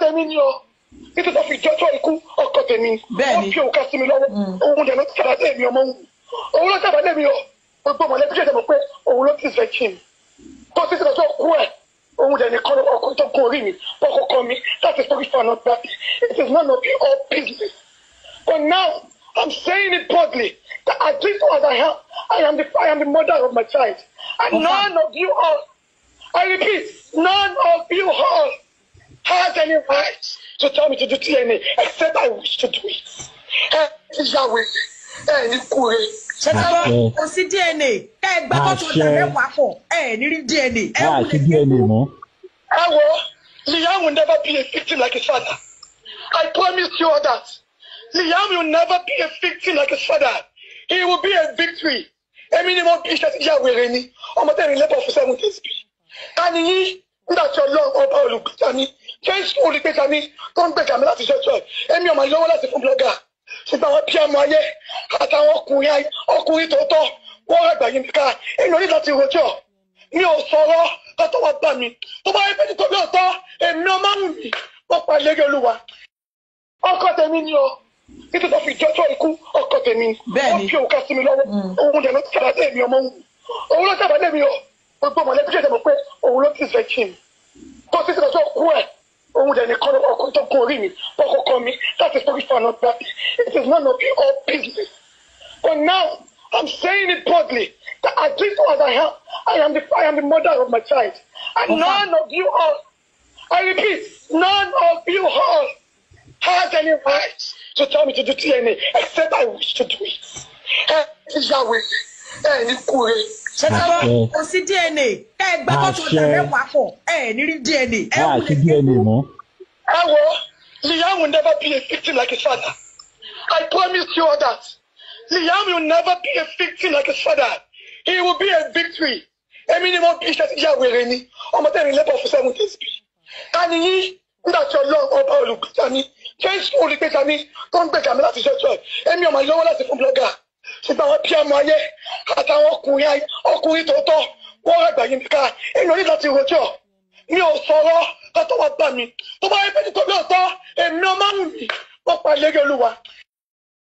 tèmi ni o títí tó fi jọjọ ikú ọkọ tèmi wọn fi òkà sí mi lọ́wọ́ mm. òun dẹ̀ ló sábà lé mi ọmọ òun ló sábà lé o gbogbo mọ̀lẹ́bí ṣe dẹ̀mọ̀ pé òun ló ti fẹ́ kí mi tó títí tó kú ẹ̀ òun dẹ̀ nìkan ọkọ tó kún orí mi ọkọ kọ mi that is public for not it is none of your business but now I'm saying it boldly that as little as I am I am the I am the mother of my child and none of you all I repeat none of you all any right to tell me to do TNA except I wish to do it. Liam will never be a victim like his father. I promise you all that. Liam will never be a victim like his father. He will be a victory. Èmi ni mo bí iṣẹ́ ti ya wèrè seven days bí. Ta ni yín nígbà tí Ọlọ́run ọba jésù ò ní gbèsè mi tó ń gbèsè mi láti ṣẹ́tọ̀ ẹ̀ ẹ̀mí ọ̀mà lọ́wọ́ láti fún blọ́gà ṣùgbọ́n àwọn píàmù ayé àtàwọn ọkùnrin ọkùnrin tòótọ́ wọ́n rẹ̀ gbàyìn ká èmi ò ní rojọ́ mi ò sọ̀rọ̀ kó wá gbà mí tó bá yẹ pé nítorí ọ̀tọ́ èmi ọmọ mi mo pa ìlérí olúwa ọkọ tèmi ni o nítorí fi jọjọ ikú ọkọ tèmi wọ́n fi òkà sí mi lọ́wọ́ mm. òun dẹ̀ ló ti kú ẹ̀ òun dẹ̀ nìkan ọkùnrin tó kún orí mi ọkọ̀ kan mi that is story for not it is none of your business but now I'm saying it boldly that at least as I am I am the I am the mother of my child and none of you all I repeat none of you all has any right to tell me to do DNA except I wish to do it ẹ ti yà wẹ̀ ẹ ní kúrẹ́ ṣẹta lọ I promise you all that Liam will never be a victim like his father he will be a victory èmi ni mo bí iṣẹ́ ti yà wèrè ni ọmọ tẹ̀rín lẹ́bọ̀ fún seven days bi ká ní yí nígbà tí ọlọ́run ọba olùgbèjà ni jésù olùgbèjà ni tó ń gbèjà mi láti ṣẹ́jọ́ ẹ̀ èmi ọmọ ìlọ́wọ́ láti fún blọ́gà ṣùgbọ́n àtàwọn ọkùnrin ọkùnrin tòótọ́ wọ́n àgbà yìí nìkan èèyàn ní láti rojọ́ mi ò sọ̀rọ̀ kó wá bá mi tó bá yẹ pé nítorí ọ̀tọ̀ èmi ọmọ mi wọ́n pa ilé olúwa